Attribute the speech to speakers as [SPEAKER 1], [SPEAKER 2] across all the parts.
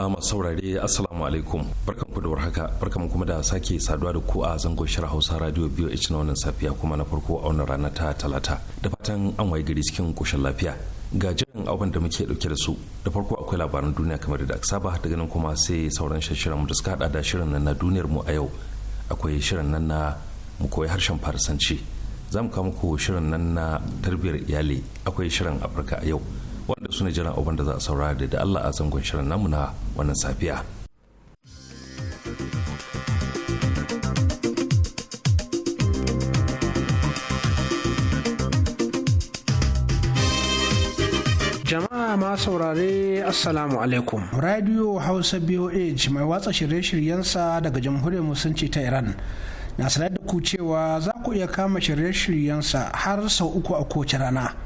[SPEAKER 1] jama'a ah, saurare assalamu alaikum barkan ku da warhaka barkan kuma da sake saduwa da ku a zango shirin hausa radio biyu h na wannan safiya kuma na farko a wannan rana ta talata da fatan an waye gari cikin koshin lafiya ga jiran abin da muke dauke da su da farko akwai labaran duniya kamar da aka saba daga nan kuma sai sauran shirin mu da suka hada da shirin nan na duniyar mu a yau akwai shirin nan na mu koyi harshen farisanci zamu kawo muku shirin nan na tarbiyar iyali akwai shirin afirka a yau wanda su ne jiran abin da za a saurara da da Allah a zangon shirin namu na wannan safiya.
[SPEAKER 2] Jama'a ma saurare Assalamu alaikum. Radio Hausa boa mai watsa shirye-shiryensa daga Jamhuriyar Musulunci ta Iran. Na sanar da ku cewa za ku iya kama shirye-shiryensa har sau uku a kowace rana.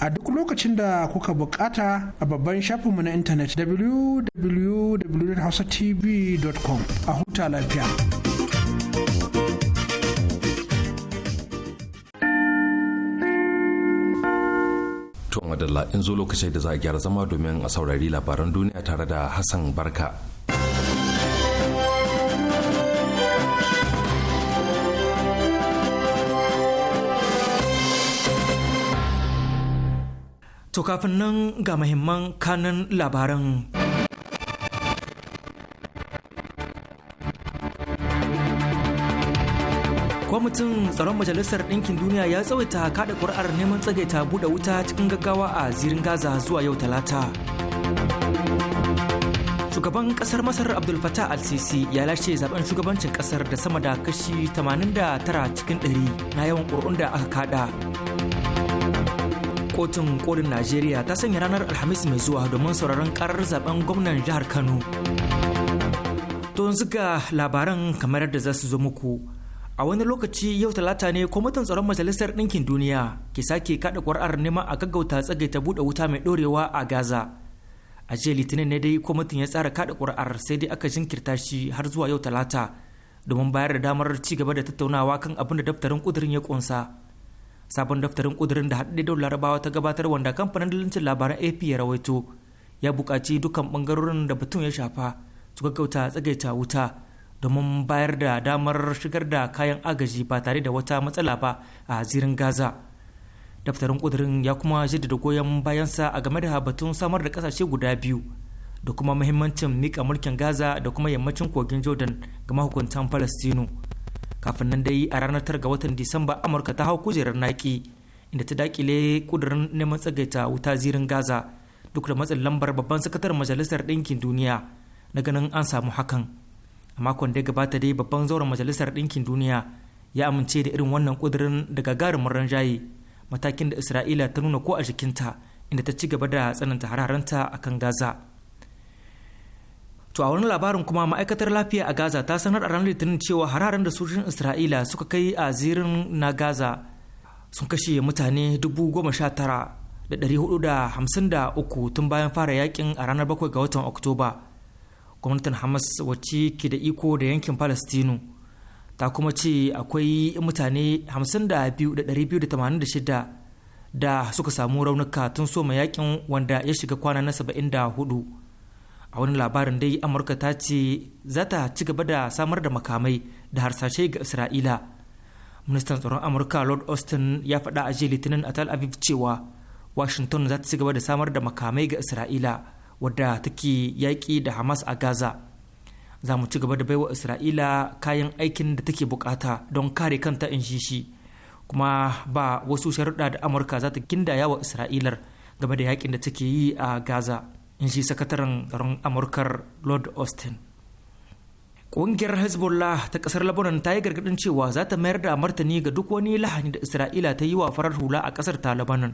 [SPEAKER 2] a duk lokacin da kuka bukata a babban shafinmu na intanet www.hausatv.com a huta lafiya.
[SPEAKER 1] To madalla in zo lokacin da za a gyara zama domin a saurari labaran duniya tare da Hassan Barka.
[SPEAKER 3] To kafin nan ga mahimman kanan labaran. Kwamitin tsaron Majalisar Ɗinkin Duniya ya tsawaita kaɗa ƙuri'ar neman tsagaita buɗe wuta cikin gaggawa a zirin Gaza zuwa yau Talata. Shugaban ƙasar Masar Abdul Fattah al-Sisi ya lashe zaben shugabancin ƙasar da sama da kashi 89 cikin 100 na yawan ƙuri'un da aka kaɗa. kotun kolin najeriya ta sanya ranar alhamis mai zuwa domin sauraron karar zaben gwamnan jihar kano to yanzu labaran kamar da za su zo muku a wani lokaci yau talata ne kwamitin tsaron majalisar ɗinkin duniya ke sake kaɗa ƙwar'ar neman a gaggauta ta buɗe wuta mai ɗorewa a gaza a jiya litinin ne dai kwamitin ya tsara kaɗa ƙwar'ar sai dai aka jinkirta shi har zuwa yau talata domin bayar da damar ci gaba da tattaunawa kan abin da daftarin ƙudurin ya ƙunsa sabon daftarin kudirin da haɗe da larabawa ta gabatar wanda kamfanin dalilin labaran ap ya rawaito ya buƙaci dukkan bangarorin da batun ya shafa su gaggauta tsagaita wuta domin bayar da damar shigar da kayan agaji ba tare da wata matsala ba a zirin gaza daftarin kudirin ya kuma jaddada goyon bayansa a game da batun samar da kasashe guda biyu da kuma muhimmancin mika mulkin gaza da kuma yammacin kogin jordan ga mahukuntan falastinu kafin nan dai a ranar 9 ga watan disamba amurka ta hau kujerar naki inda ta dakile kudurin neman tsagaita wuta zirin gaza duk da matsin lambar babban sakataren majalisar ɗinkin duniya na ganin an samu hakan a makon da gabata dai babban zauren majalisar ɗinkin duniya ya amince da irin wannan kudurin da gagarumin ranjaye matakin da isra'ila ta nuna ko a jikinta inda ta ci gaba da tsananta hararanta akan gaza To a wani labarin kuma ma'aikatar lafiya a Gaza ta sanar a ranar Litinin cewa hararen da sojojin Isra'ila suka kai a zirin na Gaza sun kashe mutane dubu tun bayan fara yakin a ranar bakwai ga watan Oktoba. Gwamnatin Hamas wacce ke da iko da yankin Falastinu ta kuma ce akwai mutane hamsin da biyu da suka samu raunuka tun soma yakin wanda ya shiga kwana na saba'in a wani labarin dai amurka ta ce za ta ci gaba da samar da makamai da harsashe ga isra'ila ministan tsaron amurka lord austin ya faɗa a jiya litinin a tal aviv cewa washington za ta ci gaba da samar da makamai ga isra'ila wadda take yaƙi da hamas a gaza za mu ci gaba da baiwa isra'ila kayan aikin da take buƙata don kare kanta in shi shi kuma ba wasu sharuɗa da amurka za ta gindaya wa isra'ilar game da yaƙin da take yi a gaza in shi sakataren tsaron amurkar lord austin Ƙungiyar Hezbollah ta ƙasar Lebanon ta yi gargaɗin cewa za ta mayar da martani ga duk wani lahani da Isra'ila ta yi wa farar hula a ƙasar ta Lebanon.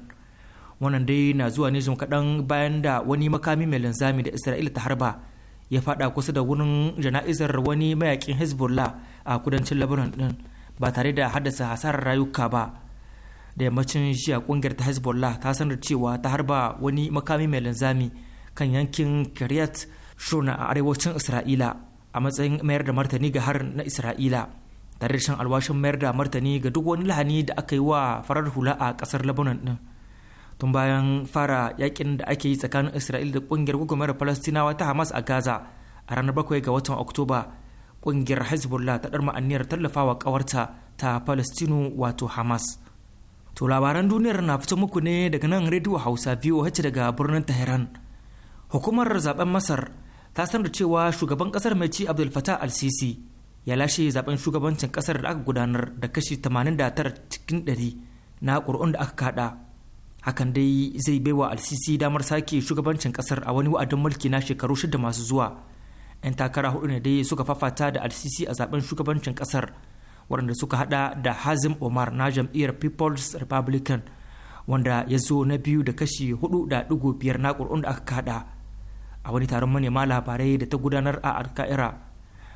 [SPEAKER 3] Wannan dai na zuwa ne jim kaɗan bayan da wani makami mai linzami da Isra'ila ta harba ya faɗa kusa da wurin jana'izar wani mayakin Hezbollah a kudancin Lebanon ɗin ba tare da haddasa hasarar rayuka ba. Da yammacin jiya ƙungiyar ta Hezbollah ta sanar cewa ta harba wani makami mai linzami kan yankin kiryat shona a arewacin isra'ila a matsayin mayar da martani ga har na isra'ila tare da shan alwashin mayar da martani ga duk wani lahani da aka yi wa farar hula a kasar lebanon din tun bayan fara yakin da ake yi tsakanin isra'ila da kungiyar gwagwarmayar falastinawa ta hamas a gaza a ranar bakwai ga watan oktoba ƙungiyar hezbollah ta ɗarma aniyar tallafawa ƙawarta ta palestinu wato hamas to labaran duniyar na fito muku ne daga nan rediyo hausa biyu voh daga birnin tehran hukumar zaben masar ta sanar da cewa shugaban kasar mai ci abdul fatah al-sisi ya lashe zaben shugabancin kasar da aka gudanar da kashi 89 cikin 100 na ƙuri'un da aka kada hakan dai zai baiwa al-sisi damar sake shugabancin kasar a wani wa'adin mulki na shekaru shida masu zuwa 'yan takara hudu ne dai suka fafata da al-sisi a zaben shugabancin kasar waɗanda suka hada da hazim omar na jam'iyyar people's republican wanda ya zo na biyu da kashi 4.5 na ƙuri'un da aka kada a wani taron manema labarai da ta gudanar a alka'ira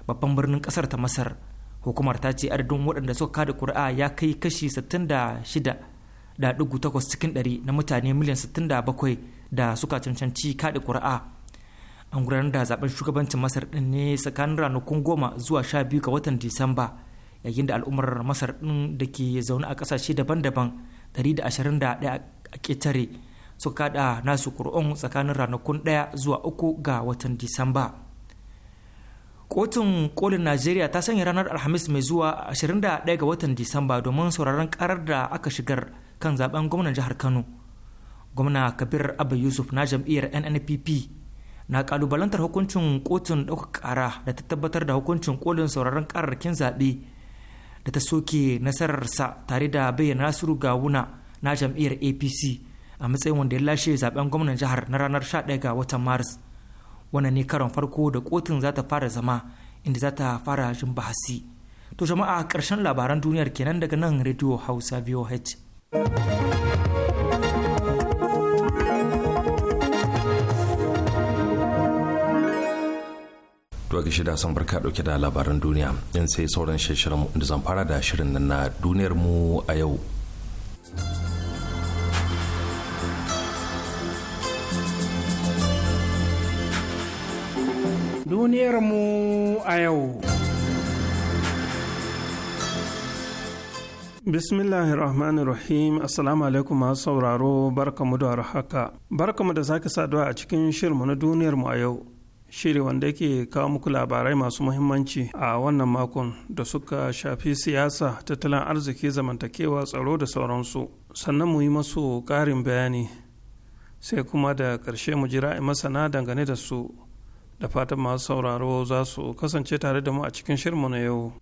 [SPEAKER 3] babban birnin kasar ta masar hukumar ta ce adadin waɗanda suka kada kuri'a ya kai kashi 66.8 cikin ɗari na mutane miliyan 67 da suka cancanci kada kuri'a an gudanar da zaben shugabancin masar ɗin ne tsakanin ranakun goma zuwa sha biyu ga watan disamba yayin da al'ummar masar ɗin da ke zaune a ƙasashe daban-daban 121 a ƙetare suka da nasu kur'un tsakanin ranakun ɗaya zuwa uku ga watan disamba kotun kolin najeriya ta sanya ranar alhamis mai zuwa 21 ga watan disamba domin sauraron karar da aka shigar kan zaben gwamnan jihar kano gwamna kabir abu yusuf na jam'iyyar nnpp na kalubalantar hukuncin kotun ɗaukar kara da ta tabbatar da hukuncin kolin sauraron kararrakin zaɓe da ta soke nasararsa tare da bayyana nasiru gawuna na jam'iyyar apc a matsayin wanda ya lashe zaben gwamnan jihar na ranar 11 ga watan maris wannan ne karon farko da kotun za ta fara zama inda za ta fara jin bahasi to jama'a karshen labaran duniyar kenan daga nan radio hausa voh
[SPEAKER 1] To ga shida son barka dauke da labaran duniya in sai sauran shirin da zan fara da shirin na duniyar mu a yau.
[SPEAKER 4] duniyarmu a yau. Bismillahir Rahmanir Rahim Assalamu alaikum masu sauraro barkamu da haka. Barkamu da sake saduwa a cikin shirmu na duniyar mu a yau. Shiri wanda yake kawo muku labarai masu muhimmanci a wannan makon da suka shafi siyasa, tattalin arziki, zamantakewa, tsaro da sauransu. Sannan mu yi masu ƙarin bayani sai kuma da ƙarshe mu jira masana dangane da su. da fatan masu sauraro za su kasance tare da mu a cikin shirmu na yau.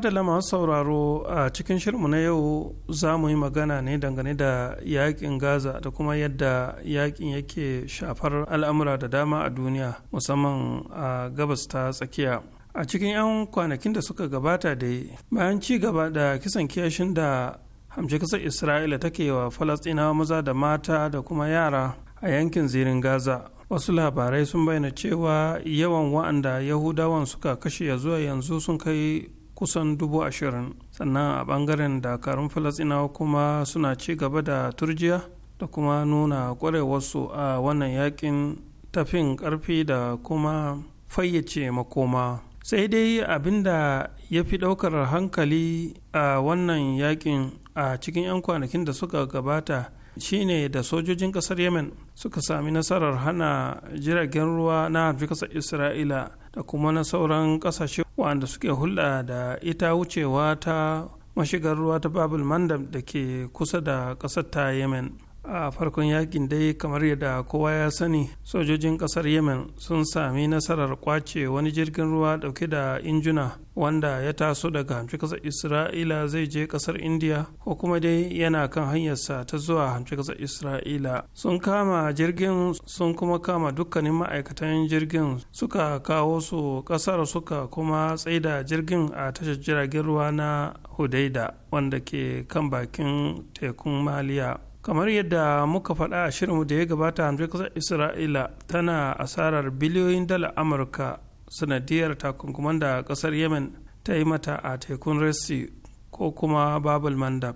[SPEAKER 4] madalla masu sauraro a cikin shirmu na yau za mu yi magana ne dangane da yakin gaza da kuma yadda yakin yake shafar al'amura da dama a duniya musamman a gabas ta tsakiya a cikin 'yan kwanakin da suka gabata da bayan ci gaba da kisan kiyashin da hamshe kasar isra'ila take wa falastinawa maza da mata da kuma yara a yankin zirin gaza wasu labarai sun bayyana cewa yawan wa'anda yahudawan suka kashe ya zuwa yanzu sun kai kusan dubu ashirin sannan a bangaren dakarun falasinawa kuma suna ci gaba da turjiya da kuma nuna kwarewarsu a wannan yakin tafin karfi da kuma fayyace makoma sai dai abinda ya fi daukar hankali a wannan yakin a cikin 'yan kwanakin da suka gabata shine da sojojin kasar yemen suka sami nasarar hana jiragen ruwa na afirka isra'ila da kuma na sauran ƙasashe wanda suke hulɗa da ita wucewa ta mashigar ruwa ta babul mandam da ke kusa da ƙasar ta yemen a farkon yakin dai kamar yadda kowa ya sani sojojin kasar yemen sun sami nasarar kwace wani jirgin ruwa dauke da injuna wanda ya taso daga hamci kasar isra'ila zai je kasar indiya ko kuma dai yana kan hanyarsa ta zuwa hamci kasar isra'ila sun kama jirgin sun kuma kama dukkanin ma'aikatan jirgin suka kawo su kasar suka kuma tsaida jirgin a tashar jiragen ruwa na hudaida wanda ke kan bakin tekun maliya kamar yadda muka faɗa a shirinmu da ya gabata amurka isra'ila tana asarar biliyoyin dala amurka sanadiyar takunkuman da ƙasar yemen ta yi mata a tekun resi ko kuma babul mandab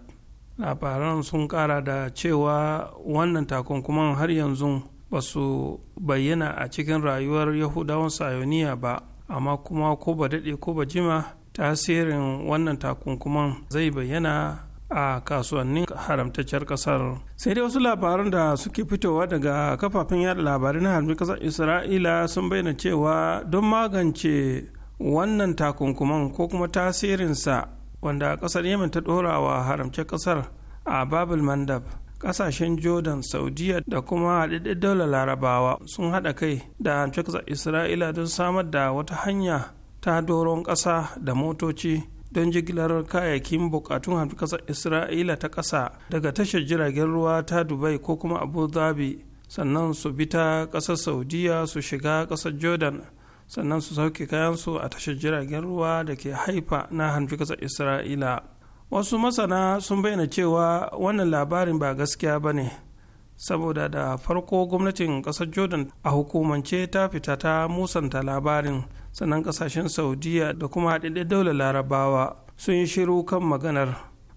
[SPEAKER 4] labaran sun ƙara da cewa wannan takunkuman har yanzu ba su bayyana a cikin rayuwar yahudawan sayoniya ba amma kuma ko ba daɗe ko ba jima tasirin wannan takunkuman zai bayyana a kasuwannin haramtacciyar kasar sai dai wasu labaran da suke fitowa daga kafafen yada labarai na harbin kasar isra'ila sun bayyana cewa don magance wannan takunkuman ko kuma tasirinsa wanda kasar yemen ta dora wa haramce kasar a babul mandab kasashen jordan saudiya da kuma haɗaɗɗen daular larabawa sun haɗa kai da haramce kasar isra'ila don samar da wata hanya ta doron ƙasa da motoci don jigilar kayayyakin bukatun hamdu kasar isra'ila ta ƙasa daga tashar jiragen ruwa ta dubai ko kuma abu dhabi sannan su bi ta ƙasar saudiya su shiga ƙasar jordan sannan su sauke kayansu a tashar jiragen ruwa da ke haifa na hamdu kasar isra'ila wasu masana sun bayyana cewa wannan labarin ba gaskiya ba ne saboda da farko gwamnatin kasar jordan a hukumance ta fita ta musanta labarin sannan kasashen saudiya da kuma haɗaɗɗen daular larabawa sun yi shiru kan maganar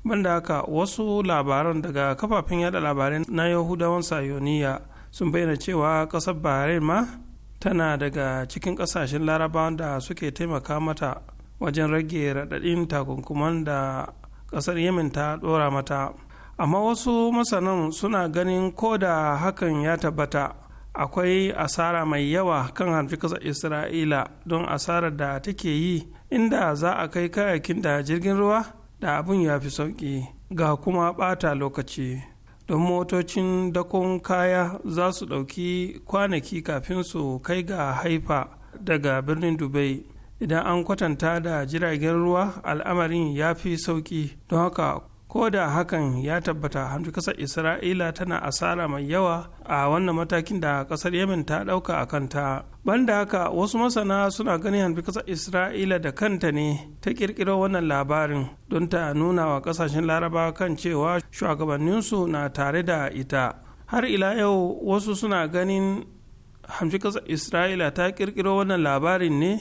[SPEAKER 4] banda haka wasu labaran daga kafafen yada labarai na yahudawan sayoniya sun bayyana cewa kasar bahrain ma tana daga cikin kasashen larabawan da suke taimaka mata wajen rage raɗaɗin takunkuman da kasar yemen ta ɗora mata amma wasu masanan suna ganin ko da hakan ya tabbata akwai asara mai yawa kan harfi kasa isra'ila don asarar da take yi inda za a kai kayakin da jirgin ruwa da abin ya fi sauƙi ga kuma ɓata lokaci don motocin dakon kaya za su ɗauki kwanaki kafin su kai ga haifa daga birnin dubai idan an kwatanta da jiragen ruwa al'amarin ya fi sauƙi don haka ko da hakan ya tabbata hamshi kasar isra'ila tana asara mai yawa a wannan matakin da kasar yamin ta dauka a kanta banda haka wasu masana suna ganin hamshi kasar isra'ila da kanta ne ta kirkiro wannan labarin don ta nuna wa kasashen larabawa kan cewa shugabanninsu na tare da ita har ila yau wasu suna ganin hamshi kasar isra'ila ta kirkiro wannan labarin ne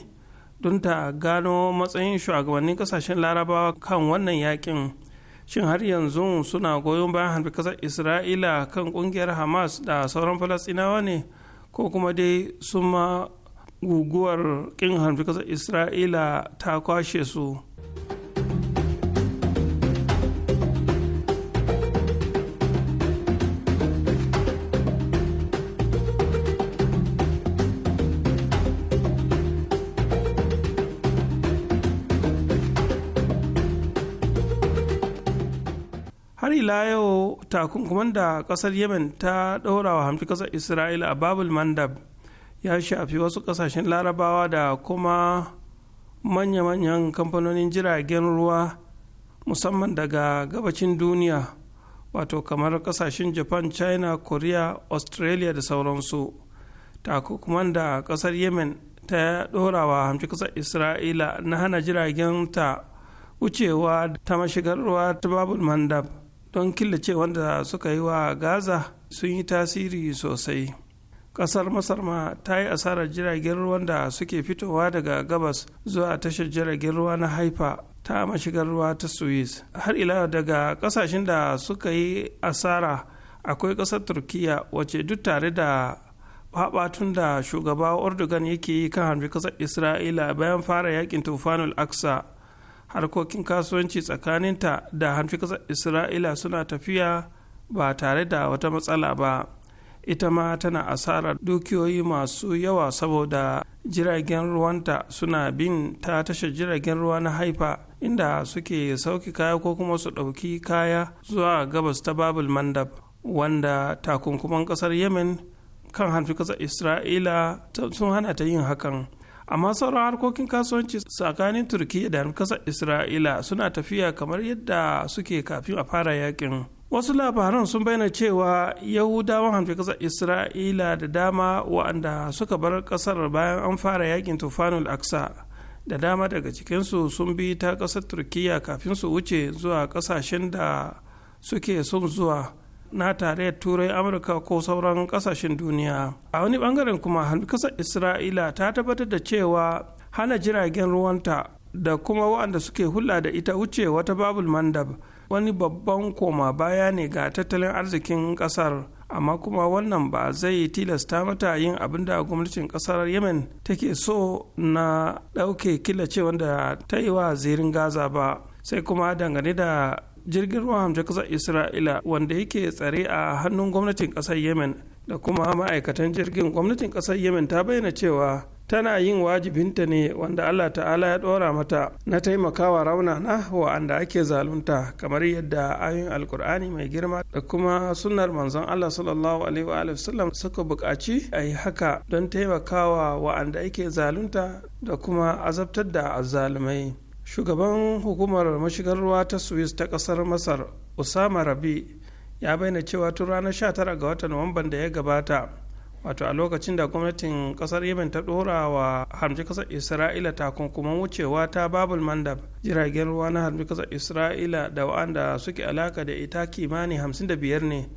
[SPEAKER 4] don ta gano matsayin shugabannin kasashen larabawa kan wannan yakin shin har yanzu suna goyon bayan harbi kasar isra'ila kan kungiyar hamas da sauran falasinawa ne ko kuma dai sun ma guguwar kin harbi kasar isra'ila ta kwashe su ila yau takunkuman da kasar yemen ta ɗora wa hamfi kasar isra'ila a babul mandab ya shafi wasu kasashen larabawa da kuma manya-manyan kamfanonin jiragen ruwa musamman daga gabacin duniya wato kamar kasashen japan china korea australia da sauransu takunkuman da kasar yemen ta ɗora wa hamci kasar isra'ila na hana jiragen ta wucewa ta mashigar ruwa ta babul mandab don killace wanda suka yi wa gaza sun yi tasiri sosai kasar masar ma ta yi asarar jiragen ruwan da suke fitowa daga gabas zuwa tashar jiragen ruwa na haifa ta mashigar ruwa ta suez har ila daga kasashen da suka yi asara akwai kasar turkiya wace duk tare da haɓatun da shugaba ordogan yake yi kan hanfi kasar isra'ila bayan fara yakin tufanul aksa harkokin kasuwanci tsakaninta da hanfi ƙasar isra'ila suna tafiya ba tare da wata matsala ba ita ma tana asarar dukiyoyi masu yawa saboda jiragen ruwanta suna bin ta tashar jiragen ruwa na haifa inda suke sauki kaya ko kuma su ɗauki kaya zuwa gabas ta babul mandab wanda takunkuman ƙasar yemen kan hanfi ƙasar isra'ila sun hana ta yin hakan amma sauran harkokin kasuwanci tsakanin turkiyya da kasar isra'ila suna tafiya kamar yadda suke kafin a fara yakin wasu labaran sun bayyana cewa yahudawan hamfi kasar isra'ila da dama wa'anda suka bar kasar bayan an fara yakin tufanul aksa da dama daga cikinsu sun bi ta kasar turkiyya kafin su wuce zuwa kasashen da suke son zuwa na tarayyar turai amurka ko sauran kasashen duniya a wani bangaren kuma kasar isra'ila ta tabbatar da cewa hana jiragen ruwanta da kuma waɗanda suke hula da ita wuce wata babul mandab wani babban koma baya ne ga tattalin arzikin kasar amma kuma wannan ba zai tilasta mata yin abin da gwamnatin kasar yemen take so na ɗauke killace wanda ta yi wa zirin gaza ba sai kuma dangane da jirgin ruwan hamshe kasar isra'ila wanda yake tsare a hannun gwamnatin ƙasar yemen da kuma ma'aikatan jirgin gwamnatin ƙasar yemen ta bayyana cewa tana yin wajibinta ne wanda allah ta'ala ya ɗora mata na taimakawa raunana wa'anda ake zalunta kamar yadda ayoyin alkur'ani mai girma da kuma sunnar manzon allah sallallahu alaihi wa sallam suka buƙaci a yi haka don taimakawa wa'anda ake zalunta da kuma azabtar da azzalumai shugaban hukumar mashigar ruwa ta swiss ta kasar masar usama rabi ya bayyana cewa tun ranar 19 ga watan nuwamban da ya gabata wato a lokacin da gwamnatin kasar yemen ta dora wa harmji kasar isra'ila takunkuman wucewa ta babul mandab jiragen ruwa na harmji kasar isra'ila da wa'anda suke alaka da ita kimani 55 ne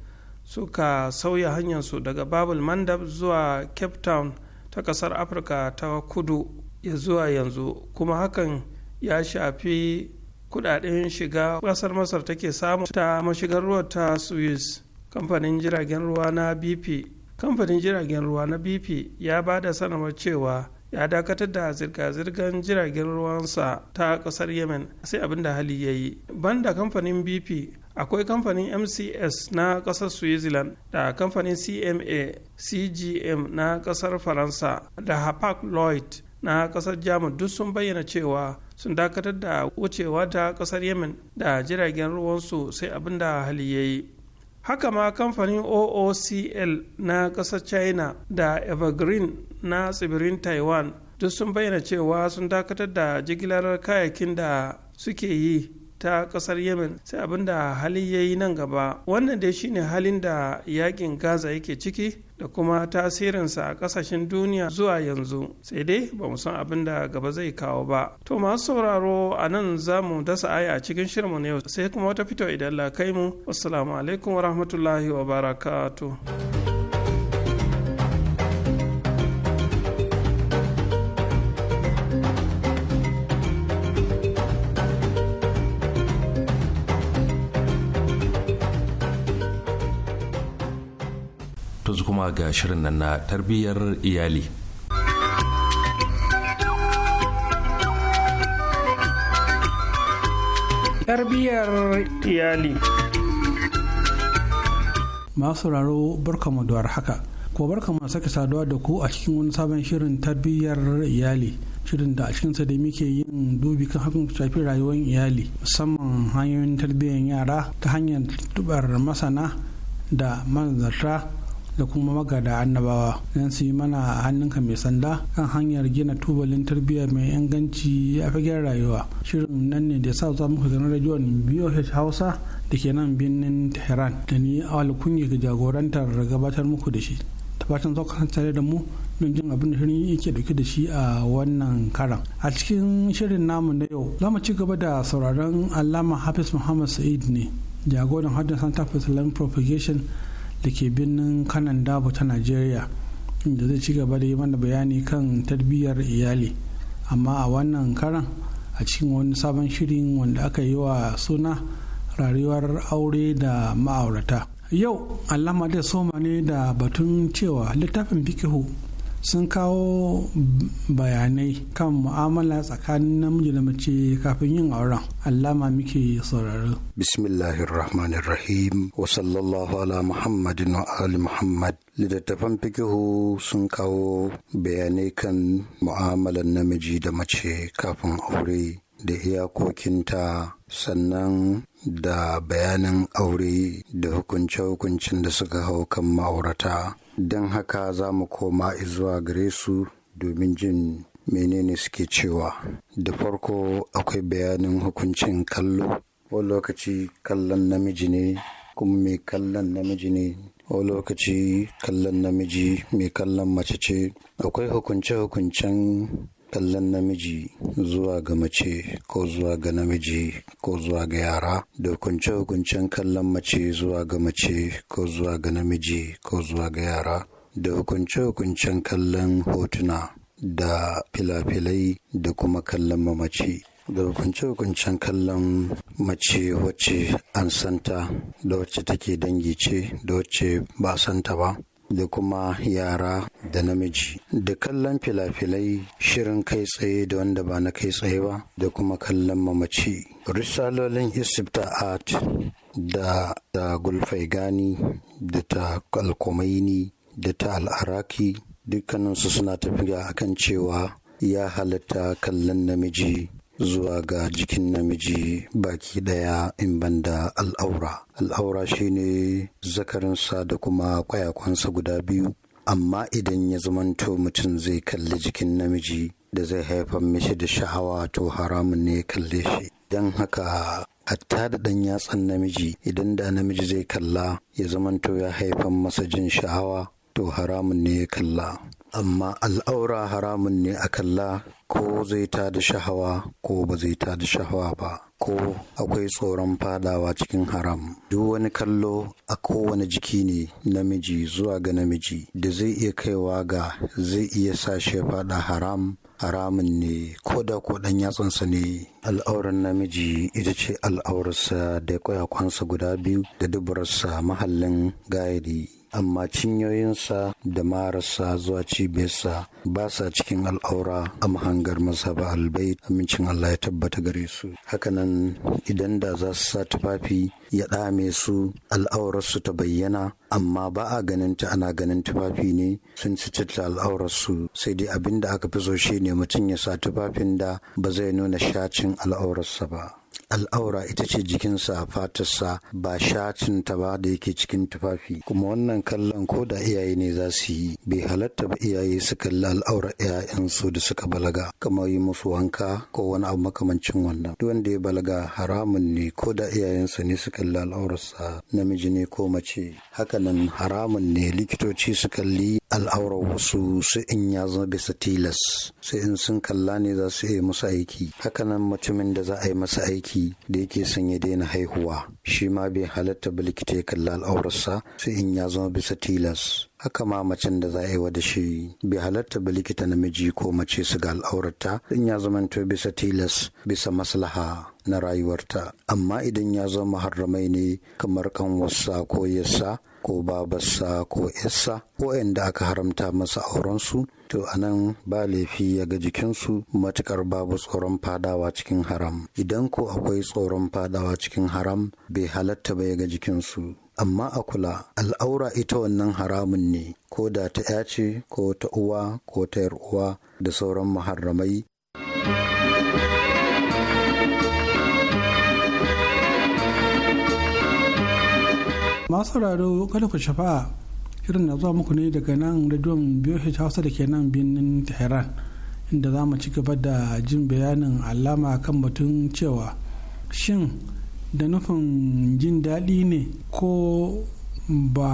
[SPEAKER 4] suka sauya hanyarsu daga babul mandab zuwa cape town ta kasar afirka ta kudu ya zuwa yanzu kuma hakan ya shafi kudaden shiga kasar masar take samu ta mashigar ruwa ta suez kamfanin jiragen ruwa na bp kamfanin jiragen ruwa na bp ya ba da sanarwar cewa ya dakatar da zirga-zirgar jiragen ruwansa ta kasar yemen sai abin da hali ya yi banda kamfanin bp akwai kamfanin mcs na kasar switzerland da kamfanin cma cgm na kasar faransa da hapag lloyd na kasar jamus duk sun bayyana cewa sun dakatar da wucewa ta kasar yemen da jiragen ruwansu sai abin da hali ya yi haka ma kamfanin oocl na kasar china da evergreen na tsibirin taiwan duk sun bayyana cewa sun dakatar da jigilar kayakin da suke yi ta kasar yemen sai abin da hali ya yi nan gaba wannan dai shine halin da yakin gaza yake ciki da kuma tasirinsa a kasashen duniya zuwa yanzu sai dai ba mu san abin da gaba zai kawo ba to masu sauraro a nan za mu dasa aya a cikin shirinmu na yau sai kuma wata fito idan la kai mu assalamu alaikum warahmatullahi wabarakatuh
[SPEAKER 1] ga shirin nan na tarbiyyar iyali. Tarbiyyar iyali.
[SPEAKER 5] Masu raro barkamu da haka. Ko barkamu sake saduwa da ku a cikin wani sabon shirin tarbiyyar iyali. Shirin da a cikinsa da muke yin dubi kan hakan shafi rayuwar iyali musamman hanyoyin tarbiyyar yara ta hanyar tubar masana da manzarta da kuma magada annabawa don su yi mana hannunka mai sanda kan hanyar gina tubalin tarbiyya mai inganci a fagen rayuwa shirin nan ne da sa zuwa muku ganin rajiyon boh hausa da ke nan birnin tehran da ni awal kunye ga jagorantar gabatar muku da shi tabbatar fatan tare da mu don jin abin da shirin yake dauke da shi a wannan karan a cikin shirin namu na yau za mu ci gaba da sauraron alama hafiz muhammad sa'id ne jagoran hadin santa for propagation da ke birnin kanan dabo ta nigeria inda zai ci gaba da yi mana bayani kan tarbiyyar iyali amma a wannan karan a cikin wani sabon shirin wanda aka yi wa suna rayuwar aure da ma'aurata yau allama da soma ne da batun cewa littafin fikihu sun kawo bayanai kan mu'amala tsakanin namiji da mace kafin yin auren allama muke sauraro
[SPEAKER 6] bismillahirrahmanirrahim wa sallallahu ala muhammadin wa ali muhammad littattafan fikihu sun kawo bayanai kan mu'amalan namiji da mace kafin aure da iyakokinta sannan da bayanin aure da hukunce-hukuncin da suka hau kan ma'aurata don haka za mu koma zuwa gare su domin jin menene suke cewa da farko akwai bayanin hukuncin kallo wani lokaci kallon namiji ne kuma mai kallon namiji ne wani lokaci kallon namiji mai kallon mace ce akwai hukunce-hukuncen kallon namiji zuwa ga mace ko zuwa ga namiji ko zuwa ga yara da hukunce-hukuncen kallon mace zuwa ga mace ko zuwa ga namiji ko zuwa ga yara da hukunce-hukuncen kallon hotuna da filafilai da kuma kallon mamaci da hukunce-hukuncen kallon mace wacce an santa da wacce take dangi ce da wacce ba santa ba da kuma yara da namiji da kallon filafilai shirin kai tsaye da wanda ba na kai tsaye ba da kuma kallon mamaci risalolin istifta art da gulfai Gani da ta kalkomaini da ta al'araki dukkaninsu suna tafiya akan cewa ya halatta kallon namiji zuwa ga jikin namiji baki daya in banda al'aura al'aura shi ne zakarinsa da kuma kwayakwansa guda biyu amma idan ya zamanto mutum zai kalli jikin namiji da zai haifar mishi da sha'awa to haramun ne ya kalle shi don haka hatta da ɗan yatsan namiji idan da namiji zai kalla ya zamanto ya haifar masa jin sha'awa to haramun ne ya kalla amma al'aura haramun ne a kalla ko zai ta da shahawa ko ba zai ta da shahawa ba ko akwai tsoron fadawa cikin haram duk wani kallo a kowane jiki ne namiji zuwa ga namiji da zai iya kaiwa ga zai iya sa shi fada haram haramun ne ko da ko dan yatsansa ne Al'aurar namiji ita ce al'aurarsa da kwayakwansa guda biyu da dubarsa mahallin gayadi amma cinyoyinsa da marasa zuwa cibiyarsa ba sa cikin al'aura a mahangar mazhaba albai amincin Allah ya tabbata gare su hakanan idan da za su sa tufafi ya ɗame su al'aurarsu ta bayyana amma ba a ganin ta ana ganin tufafi ne sun ci cicita al'aurarsu sai dai abin da aka fi so shi ne mutum ya sa tufafin da ba zai nuna shacin al'aurarsa ba al'aura ita ce jikinsa fatarsa ba shatin ta ba da yake cikin tufafi kuma wannan kallon ko da iyaye ne za su yi bai halatta ba iyaye su kalli al'aura iyayensu da suka balaga kamar yi musu wanka ko wani abu makamancin wannan duk wanda ya balaga haramun ne ko da iyayensa ne su kalli al'aurarsa namiji ne ko mace hakanan haramun ne likitoci su kalli al'aurar wasu su in ya zama bisa tilas sai in sun kalla ne za su yi musu aiki hakanan mutumin da za a yi masa aiki ciki da yake son ya daina haihuwa shi ma bai halatta ba likita ya kalla al'aurarsa sai in ya zama bisa tilas haka ma macen da za a yi wa da shi bai halatta ba likita namiji ko mace su ga al'aurarta in ya zama zamanto bisa tilas bisa maslaha na rayuwarta amma idan ya zama harramai ne kamar kan wasa ko yasa ko babarsa ko yassa ko da aka haramta masa aurensu to a nan ba laifi ya ga jikinsu matukar babu tsoron fadawa cikin haram idan ko akwai tsoron fadawa cikin haram bai halatta ba ya ga jikinsu amma a kula al'aura ita wannan haramun ne ko da ta 'ya ko ta uwa ko ta uwa da sauran muharramai.
[SPEAKER 5] masu sauraro kada ku shirin na zuwa muku ne daga nan radiyon BOH Hausa da ke nan birnin Tehran inda za mu ci gaba da jin bayanin alama kan batun cewa shin da nufin jin daɗi ne ko ba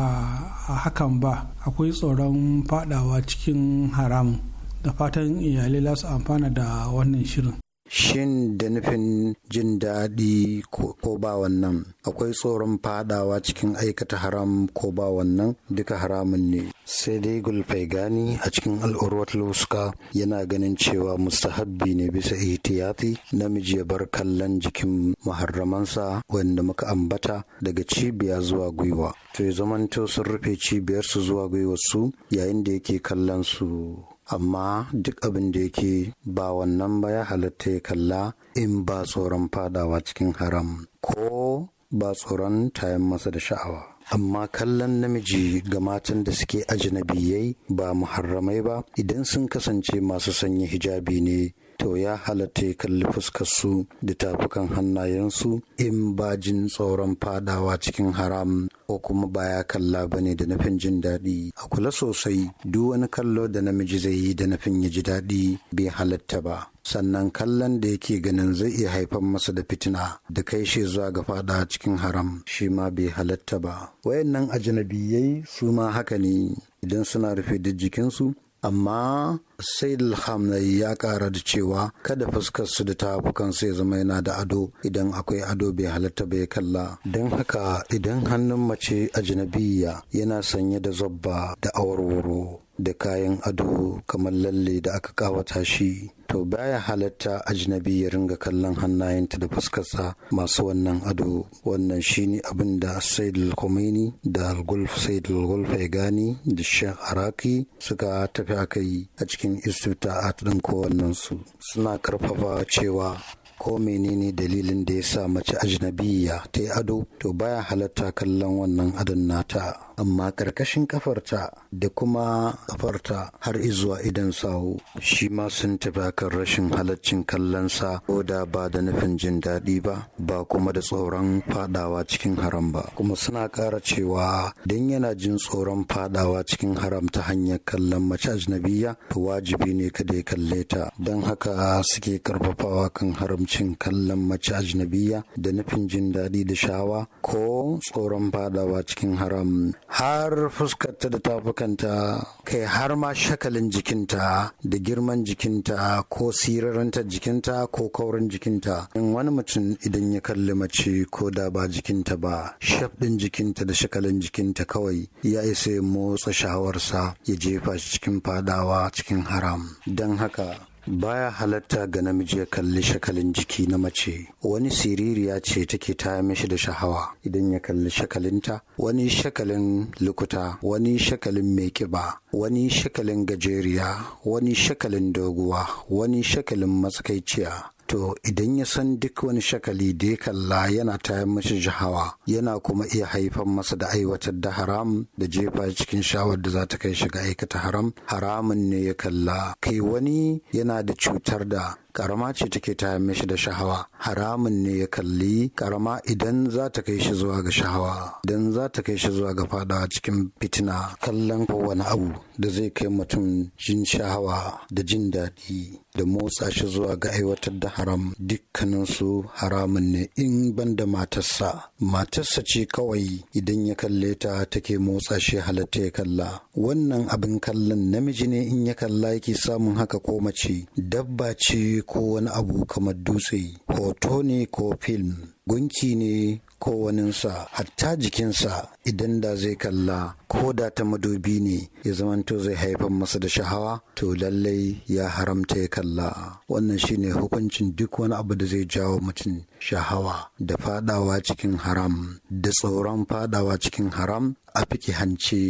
[SPEAKER 5] a hakan ba akwai tsoron fadawa cikin haramu da fatan iyalai za su amfana da wannan shirin.
[SPEAKER 6] shin da nufin jin daɗi ko ba wannan akwai tsoron fadawa cikin aikata haram ko ba wannan duka haramun ne sai dai gulfai gani a cikin al'urwar luska yana ganin cewa mustahabbi ne bisa ihtiyati namiji ya bar kallon jikin maharramansa wanda muka ambata daga cibiya zuwa gwiwa to ya zamanto sun rufe cibiyarsu zuwa gwiwarsu yayin da yake kallon su amma duk abin da yake ba wannan ba ya halatta ya kalla in ba tsoron fadawa cikin haram ko ba tsoron tayan masa da sha'awa amma kallon namiji ga matan da suke ajinabiyai ba muharramai ba idan sun kasance masu sanya hijabi ne to ya halatta ya kalli fuskarsu da tafukan hannayensu in ba jin tsoron fadawa cikin haram ko kuma ya kalla ba ne da nufin jin daɗi a kula sosai duk wani kallo da namiji zai yi da nufin ya ji daɗi bai halatta ba sannan kallon da yake ganin zai iya haifar masa da fitina da kai shi zuwa ga fada cikin haram shi ma bai halatta ba wayannan ajinabiyai su ma haka ne idan suna rufe duk jikinsu amma sai lhamna ya kara da cewa kada fuskar su da tafukan sai zama yana da ado idan akwai ado bai halatta bai kalla don haka idan hannun mace ajnabiya yana sanye da zobba da awarwaro da kayan ado kamar lalle da aka kawata shi to baya halatta ajnabi ya ringa kallon hannayenta da fuskarsa masu wannan ado wannan shine abin da said khomeini da al-gulf said al ya gani da sheikh araki suka tafi aka yi a cikin istuta a kowannen su suna karfafa cewa ko menene dalilin da ya sa mace ajnabiya ta yi ado to baya halatta kallon wannan adon nata amma karkashin kafarta da kuma kafarta har izuwa idan sawu shi ma sun tafi kan rashin halaccin kallon sa ko da ba da nufin jin daɗi ba ba kuma da tsoron fadawa cikin haram ba kuma suna ƙara cewa don yana jin tsoron fadawa cikin haram ta hanyar kallon mace ajnabiya to wajibi ne kada ya kalle ta don haka suke karfafawa kan haram cin kallon mace ajnabiya da nufin jin daɗi da shawa ko tsoron fadawa cikin haram har fuskarta da tafukanta kai har ma shakalin jikinta da girman jikinta ko sirarinta jikinta ko kaurin jikinta in wani mutum idan ya kalli mace ko da ba jikinta ba shafɗin jikinta da shakalin jikinta kawai ya isa motsa shawarsa ya jefa shi cikin fadawa cikin haram don haka baya halatta ga namiji ya kalli shakalin jiki na mace wani siririya ce take taya mishi da shahawa idan ya kalli shakalinta wani shakalin lukuta wani shakalin mai kiba wani shakalin gajeriya wani shakalin doguwa wani shakalin matsakaiciya to idan ya san duk wani shakali da ya kalla yana tayar mashi jahawa yana kuma iya haifar masa da aiwatar da haram da jefa cikin shawar da za ta kai shiga aikata haram haramun ne ya kalla kai wani yana da cutar da karama ce take ta mishi da shahawa haramun ne ya kalli karama idan za ta kai shi zuwa ga shahawa idan za ta kai shi zuwa ga fada cikin fitina kallon kowane abu da zai kai mutum jin shahawa da jin daɗi da motsa shi zuwa ga aiwatar da haram dukkaninsu haramun ne in ban da matarsa matarsa ce kawai idan ya kalle ta take motsa shi halatta ya kalla wannan abin kallon namiji ne in ya kalla yake samun haka ko mace dabba ce ko wani abu kamar dutse hoto ne ko film gunki ne ko waninsa hatta jikinsa idan da zai kalla ko da ta madobi ne ya zamanto zai haifar masa da shahawa to lallai ya haramta ya kalla wannan shine hukuncin duk wani abu da zai jawo mutum shahawa da fadawa cikin haram da tsoron fadawa cikin haram a fiki hanci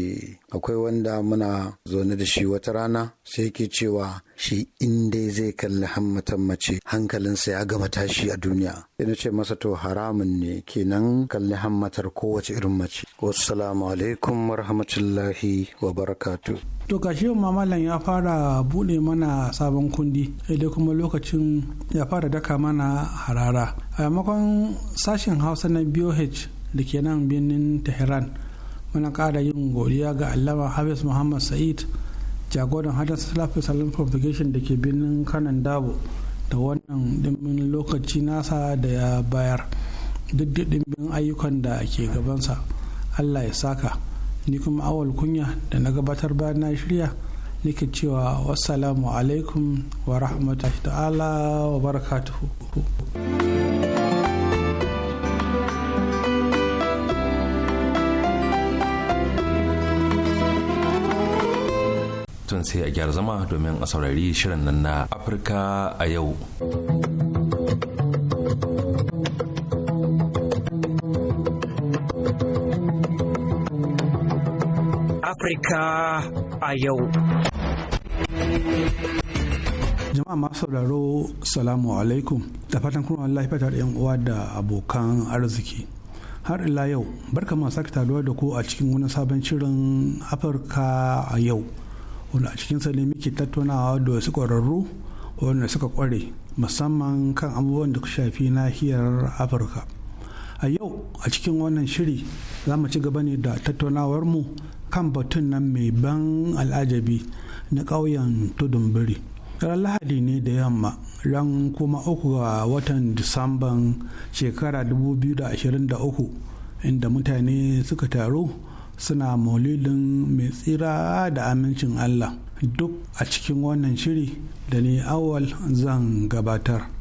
[SPEAKER 6] akwai wanda muna zaune da shi wata rana sai ke cewa shi in zai kalli hammatan mace hankalinsa ya gama tashi a duniya Ina ce masa to haramun ne kenan kalli hammatar kowace irin mace salamu alaikum rahmatullahi wa baraka barakatu.
[SPEAKER 5] To gashi yau mamalan ya fara bude mana sabon kundi idan kuma lokacin ya fara daka mana harara. A yamakon sashen Hausa na BOH da ke nan birnin Tehran muna ƙara yin godiya ga Allama Hafiz Muhammad Sa'id jagoran hadin Salafi Salim Propagation da ke birnin Kanan Dabo da wannan dimbin lokaci nasa da ya bayar duk dimbin ayyukan da ke gabansa. Allah ya saka. ni kuma awal kunya da na gabatar bayan na shirya nake cewa wassalamu alaikum wa rahmatullahi ta'ala wa barakatuhu
[SPEAKER 1] tun sai a gyara zama domin a saurari shirin nan na afirka a yau
[SPEAKER 3] Afirka a yau.
[SPEAKER 5] Jama'a masu sauraro salamu alaikum da fatan kuma Allah ya da uwa da abokan arziki. Har ila yau, barka masu sake taruwa da ku a cikin wani sabon shirin Afirka a yau. Wanda a cikin ne muke tattaunawa da wasu ƙwararru wanda suka ƙware musamman kan abubuwan da ku shafi nahiyar Afirka. a yau a cikin wannan shiri za mu ci gaba ne da tattaunawarmu kan batun nan mai ban al'ajabi na ƙauyen tudun biri ran lahadi ne da yamma ran kuma uku ga watan disamban shekara 2023 inda mutane suka taru suna maulidin mai tsira da amincin allah duk a cikin wannan shiri da ni awal zan gabatar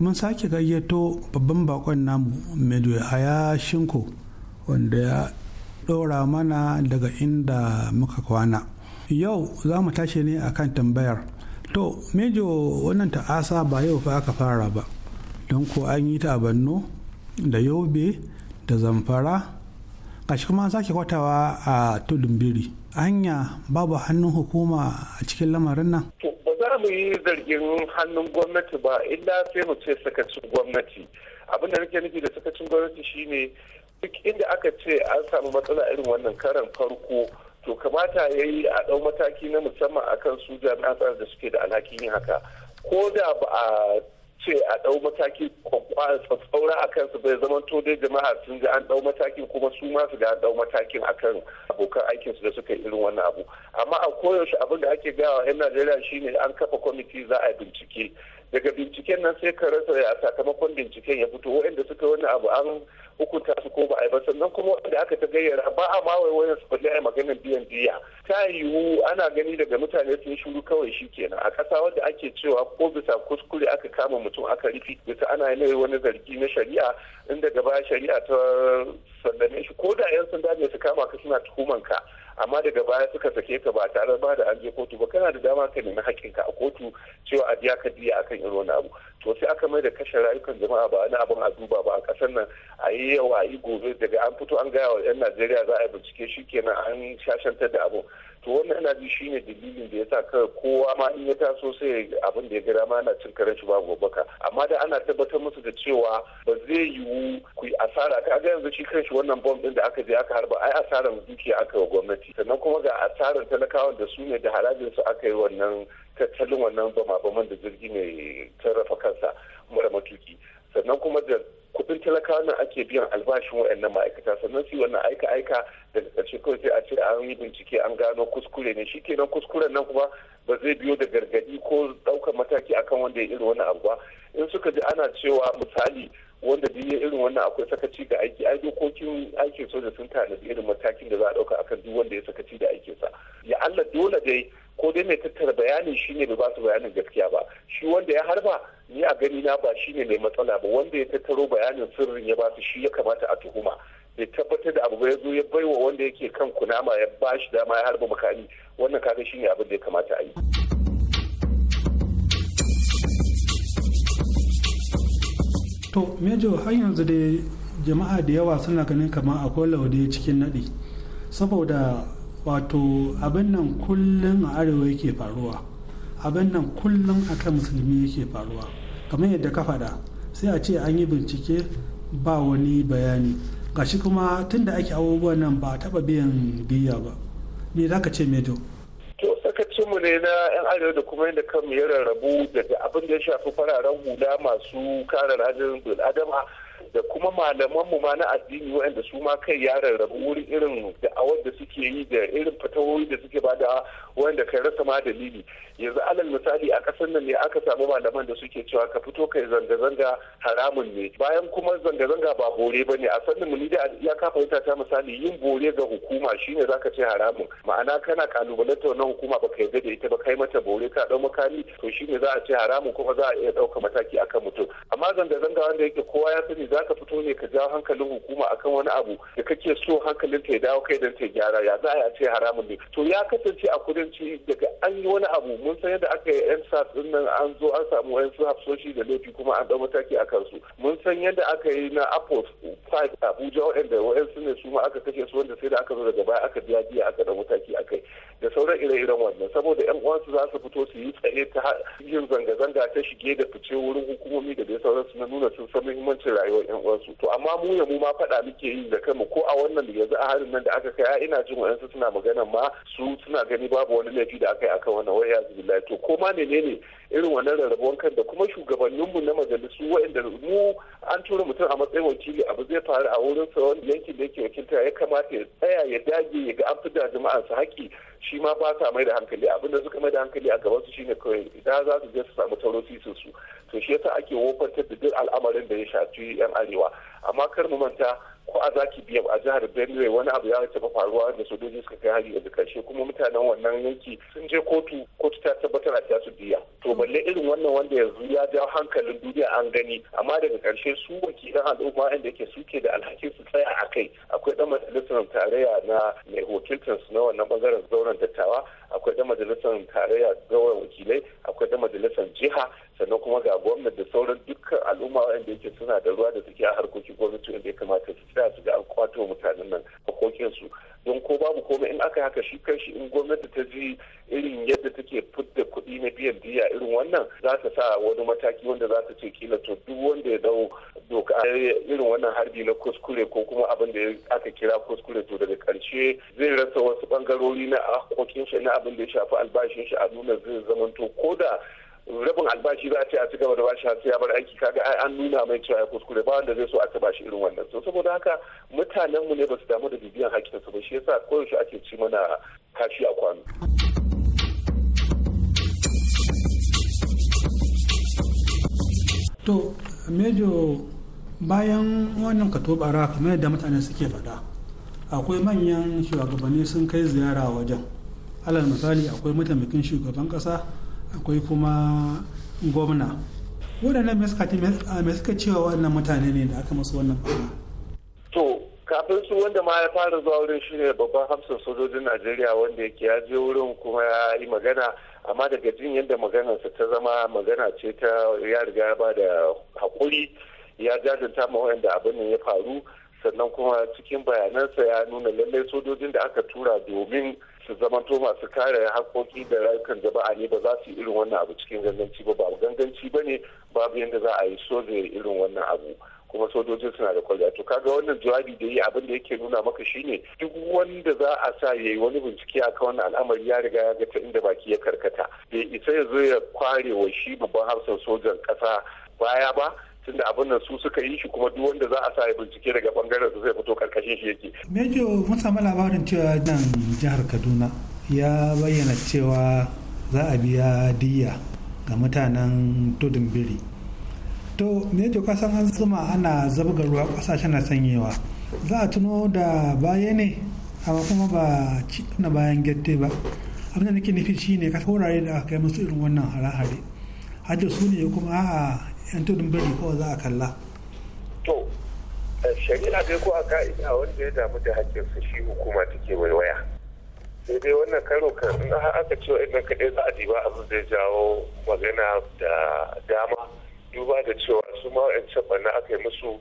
[SPEAKER 5] mun sake gayyato babban bakon namu medu haya shinko wanda ya ɗora mana daga inda muka kwana yau za mu tashi ne akan tambayar to mejo wannan ta'asa ba yau fa aka fara ba don ko an yi ta a banno da yobe da zamfara kashi kuma sake kwatawa a tudun biri hanya babu hannun hukuma a cikin lamarin nan
[SPEAKER 7] za mu yi zargin hannun gwamnati ba illa sai mu ce sakacin gwamnati abin nake nufi da sakacin gwamnati shine duk inda aka ce an samu matsala irin wannan karan farko to kamata ya yi a ɗau mataki na musamman akan su jami'an tsaron da suke da alhakin yin haka ko da ba a ce a ɗau mataki tsaura a kansu bai zama to dai jama'a sun ji an ɗau matakin kuma su ma su ga an ɗau matakin a kan abokan aikinsu da suka irin wani abu amma a koyaushe abin da ake gawa 'yan najeriya shine an kafa kwamiti za a bincike daga binciken nan sai ka rasa a sakamakon binciken ya fito waɗanda suka wani abu an hukunta su ko ba a yi ba sannan kuma wanda aka ta gayyara ba a ma wai su balle a maganin biyan diya ta yiwu ana gani daga mutane sun shuru kawai shi kenan a ƙasa wanda ake cewa ko bisa kuskure aka kama mutum aka rufe bisa ana yi wani zargi na shari'a inda gaba shari'a ta sallame shi ko da 'yan sanda ne su kama ka suna tuhuman ka amma daga baya suka sake ka ba tare ba da an je kotu ba kana da dama ka nemi ka a kotu cewa a biya ka diya akan irin wani abu to sai aka mai da kashe rayukan jama'a ba wani abin a duba ba a ƙasar nan a yi yawa a yi gobe daga an fito an gaya wa 'yan najeriya za a yi bincike shi kenan an shashantar da abu to wannan yana ji shine dalilin da ya sa ka kowa ma in ya taso sai abin da ya gada ma yana cin karanci ba babu ka amma da ana tabbatar musu da cewa ba zai yiwu ku yi asara ka ga yanzu shi kanshi wannan bom din da aka je aka harba ai asaran dukiya aka wa gwamnati sannan kuma ga asaran talakawan da su ne da harajin su aka yi wannan tattalin wannan bama-baman da jirgi mai sarrafa kansa mara matuki sannan kuma da kudin talakawa nan ake biyan albashin waɗannan ma'aikata sannan su wannan aika aika daga ƙarshe kawai sai a ce an yi bincike an gano kuskure ne Shi shikenan kuskuren nan kuma ba zai biyo da gargadi ko ɗaukar mataki akan wanda ya irin wani abu ba in suka ji ana cewa misali wanda duk ya irin wannan akwai sakaci da aiki ai dokokin aikin soja sun tanadi irin matakin da za a ɗauka akan duk wanda ya sakaci da aikinsa ya Allah dole dai ko dai mai tattara bayanin ne bai ba su bayanin gaskiya ba shi wanda ya harba ni a gani na ba shine mai matsala ba wanda ya tattaro bayanin sirrin ya ba su shi ya kamata a tuhuma bai tabbatar da abu ba ya zo ya baiwa wanda yake kan kunama ya ba shi dama ya harba makami wannan kaga shine abin da ya kamata a yi
[SPEAKER 5] to mejo har yanzu dai jama'a da yawa suna ganin kamar akwai laude cikin naɗi saboda wato abin nan kullum a arewa yake faruwa abin nan kullum a kan musulmi yake faruwa kamar yadda ka faɗa sai a ce an yi bincike ba wani bayani gashi kuma tun da ake abubuwan nan ba taɓa biyan biya ba me za ka ce medo
[SPEAKER 7] to sakacinmu ne na yan arewa da kuma yadda kan ya rarrabu daga abin da ya shafi fararen hula masu kare rajin adama. da kuma malamanmu ma na addini waɗanda su ma kai ya rarrabu wurin irin da'awar da suke yi da irin fatawoyi da suke ba bada wanda kai rasa ma dalili yanzu alal misali a ƙasar nan ne aka samu malaman da suke cewa ka fito kai zanga-zanga haramun ne bayan kuma zanga-zanga ba bore ba ne a sannin mu ni da ya ka fahimta ta misali yin bore ga hukuma shine zaka ce haramun ma'ana kana kalubalanta wannan hukuma ba ka yarda da ita ba kai mata bore ka dau makami to shine za a ce haramun kuma za a iya ɗauka mataki akan mutum amma zanga-zanga wanda yake kowa ya sani za ka fito ne ka ja hankalin hukuma akan wani abu da kake so hankalin ta ya dawo kai dan ta gyara ya za a yi a ce haramun ne to ya kasance a kudanci daga an yi wani abu mun san yadda aka yi yan sas din nan an zo an samu yan su hafsoshi da laifi kuma an dau mataki a kansu mun san yadda aka yi na apple five abuja waɗanda waɗansu ne su ma aka kashe su wanda sai da aka zo daga baya aka biya biya aka dau mataki a kai da sauran ire-iren wannan saboda yan uwansu za su fito su yi tsaye ta yin zanga-zanga ta shige da fice wurin hukumomi da dai sauransu na nuna sun san muhimmancin rayuwar yan uwansu to amma mu ya mu ma faɗa muke yi da kanmu ko a wannan da yanzu a harin nan da aka kai ina jin wayansu suna magana ma su suna gani babu wani laifi da aka yi akan wannan wai ya zubi to ko ma menene irin wannan rarrabuwan kan da kuma shugabanninmu na majalisu waɗanda mu an tura mutum a matsayin wakili abu zai faru a wurin sauran yankin da yake wakilta ya kamata ya tsaya ya dage ya ga an da jama'arsa haƙƙi shi ma ba sa mai da hankali abinda suka mai da hankali a gaban su shine kawai idan za su je su samu tauro sisin su to shi yasa ake wofantar da duk al'amarin da ya shafi yan arewa amma kar mu manta ko a zaki biya a jihar benue wani abu ya taɓa faruwa da sojoji suka kai hari da karshe kuma mutanen wannan yanki sun je kotu kotu ta tabbatar a su biya to balle irin wannan wanda yanzu ya ja hankalin duniya an gani amma daga karshe su wakilan al'umma inda yake suke da alhakin su tsaya a kai akwai dan majalisar tarayya na mai wakiltar su na wannan bangaren zauren dattawa akwai dan majalisar tarayya zauren wakilai akwai dan majalisar jiha sannan kuma ga gwamnati da sauran dukkan al'umma wanda yake suna da ruwa da suke a harkokin gwamnati wanda ya kamata su tsaya su ga an kwato mutanen nan su don ko babu komai in aka haka shi kanshi in gwamnati ta ji irin yadda take fidda kuɗi na biyan diya irin wannan za ta sa wani mataki wanda za ta ce kila to duk wanda ya dau doka irin wannan harbi na kuskure ko kuma abin da aka kira kuskure to daga karshe zai rasa wasu bangarori na hakokin shi na abin da ya shafi albashin shi a nuna zai zamanto ko da rabin albashi za a ce a ci gaba da bashi sai ya bar aiki kaga ai an nuna mai cewa ya kuskure ba wanda zai so a taba shi irin wannan to saboda haka mutanen mu ne basu damu da bibiyan hakkin su ba shi yasa koyaushe ake ci mana kashi a kwano
[SPEAKER 5] to mejo bayan wannan katobara kamar da mutane suke faɗa akwai manyan shugabanni sun kai ziyara wajen alal misali akwai mataimakin shugaban ƙasa akwai kuma gwamna waɗannan mai suka cewa waɗannan mutane ne da aka masu wannan fara
[SPEAKER 7] to kafin su wanda ma ya fara zuwa wurin shine babban hamsin sojojin najeriya wanda yake ya je wurin kuma ya yi magana amma daga jin yadda maganarsa ta zama magana ce ta ya riga ya ba da haƙuri ya jajanta ma wanda abin ya faru sannan kuma cikin bayanansa ya nuna lallai sojojin da aka tura domin su zamanto masu kare haƙoƙi da rayukan jama'a ne ba za su yi irin wannan abu cikin ganganci ba babu ganganci ba ne babu yadda za a yi soja irin wannan abu kuma sojojin suna da kwalliya to kaga wannan jawabi da yi abin da yake nuna maka shine duk wanda za a sa yayi wani bincike akan wannan al'amari ya riga ya ga ta inda baki ya karkata bai isa ya zo ya kware wa shi babban hafsan sojan ƙasa baya ba tunda abin nan su suka yi shi kuma duk wanda za a sa ya bincike daga bangaren su zai fito karkashin
[SPEAKER 8] shi yake.
[SPEAKER 5] Mejo mun samu labarin cewa nan jihar Kaduna ya bayyana cewa za a biya diya ga mutanen tudun biri. To Mejo ka san an zuma ana zabga ruwa kasashen na sanyewa. Za a tuno da baya ne amma kuma ba ci na bayan gette ba. abin da nake nufi shine ka wurare da aka yi musu irin wannan hare-hare. Hajjar su ne kuma a'a yan tudun biri ko za a kalla
[SPEAKER 7] to eh, shari'a dai ko a ka'ida wanda ya damu da su shi hukuma take waya sai dai wannan karo kan in aka ce wa'annan kaɗai za a diba abin zai jawo magana da dama duba da cewa su ma wa'ancan aka yi musu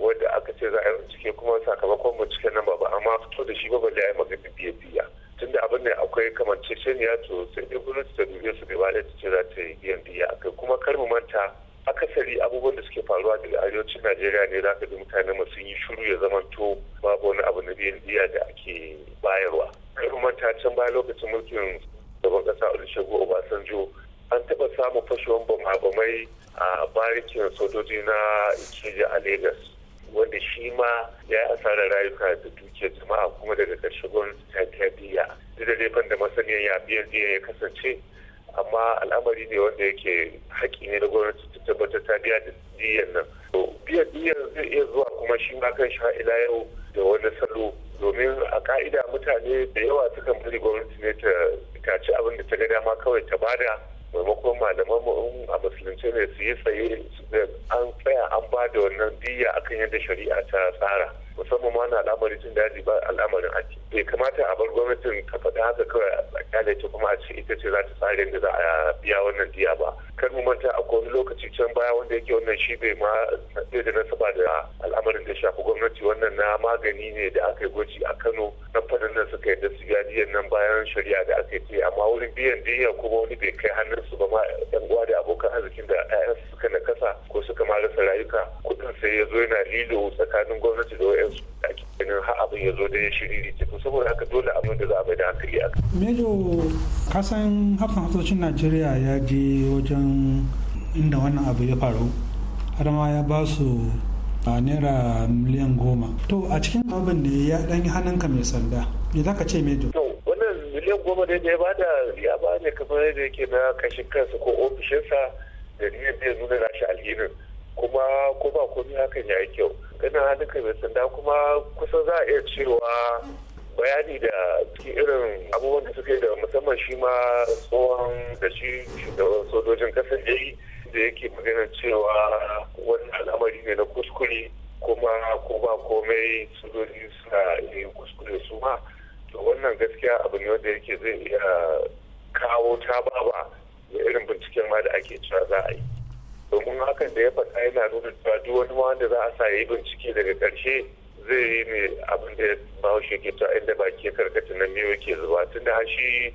[SPEAKER 7] wadda aka ce za a yi bincike kuma sakamakon cike nan ba ba amma fito da shi ba ba ya yi magana biya biya tunda abin ne akwai kamar ya to sai dai gwamnati ta dube su gaba da ta ce za ta yi biyan biya akai kuma kar mu manta akasari abubuwan da suke faruwa daga arewacin najeriya ne za ka ji mutane masu yi shuru ya zamanto babu wani abu na biyan diya da ake bayarwa kuma ta can baya lokacin mulkin gaban kasa olusegun obasanjo an taɓa samun fashewan bamai a barikin sojoji na ikeja a lagos wanda shi ma ya yi asarar rayuka da dukiyar jama'a kuma daga ƙarshe gwamnati ta biya duk da laifin da masaniyan ya biyan diya ya kasance amma al'amari ne wanda yake haƙƙi ne da gwamnati tabbatar ta biya da diyan nan to
[SPEAKER 8] biyan diyan zai iya zuwa kuma
[SPEAKER 7] shi ma kan sha ila yau da wani salo domin a ka'ida mutane da yawa sukan bari gwamnati ne ta ci abin da ta ga dama kawai ta bada maimakon malaman mu in a musulunci ne su yi tsaye an tsaya an ba da wannan diya akan yadda shari'a ta tsara musamman ma na al'amarin tun daji ba al'amarin ake bai kamata a bar gwamnatin ta faɗi haka kawai a kyale ta kuma a ce ita ce za ta tsara yadda za a biya wannan diya ba kan manta a wani lokaci can baya wanda yake wannan shi bai ma bai da nasaba da al'amarin da shafi gwamnati wannan na magani ne da aka yi gwaji a Kano na fadin nan suka yadda su biya diyan nan bayan shari'a da aka yi amma wurin biyan diyan kuma wani bai kai hannun su ba ma yan uwa da abokan arzikin da su suka nakasa ko suka ma rasa rayuka kuɗin sai ya zo yana lilo tsakanin gwamnati da wayansu ake ganin har abin ya zo da ya shiri da cikin saboda haka dole abin da za a bai da hankali a
[SPEAKER 5] mejo kasan hafin hasashen najeriya ya je wajen inda wannan abu ya faru har ma ya ba su a naira miliyan goma to a cikin abin da ya dan yi hannunka mai sanda me za ka ce mejo
[SPEAKER 8] wannan miliyan goma da ya da
[SPEAKER 7] ya ba ne kamar yadda yake na kashin kansa ko ofishinsa da ya zai nuna nashi alhinin kuma ko ba komai hakan ya yi kyau ina duka mai sanda kuma kusan za a iya cewa bayani da cikin irin abubuwan da suke da musamman shi ma tsohon da shi shugaban sojojin kasar da yi da yake magana cewa wani al'amari ne na kuskure kuma ko ba komai sojoji suna yi kuskure su ma to wannan gaskiya abu ne wanda yake zai iya kawo ta baba da irin binciken ma da ake cewa za a yi domin hakan da ya faɗa yana nuna cewa duk wani wanda za a sa yi bincike daga ƙarshe zai yi ne abin da bahaushe ke ta inda baki karkata na miyo ke zuba tun da shi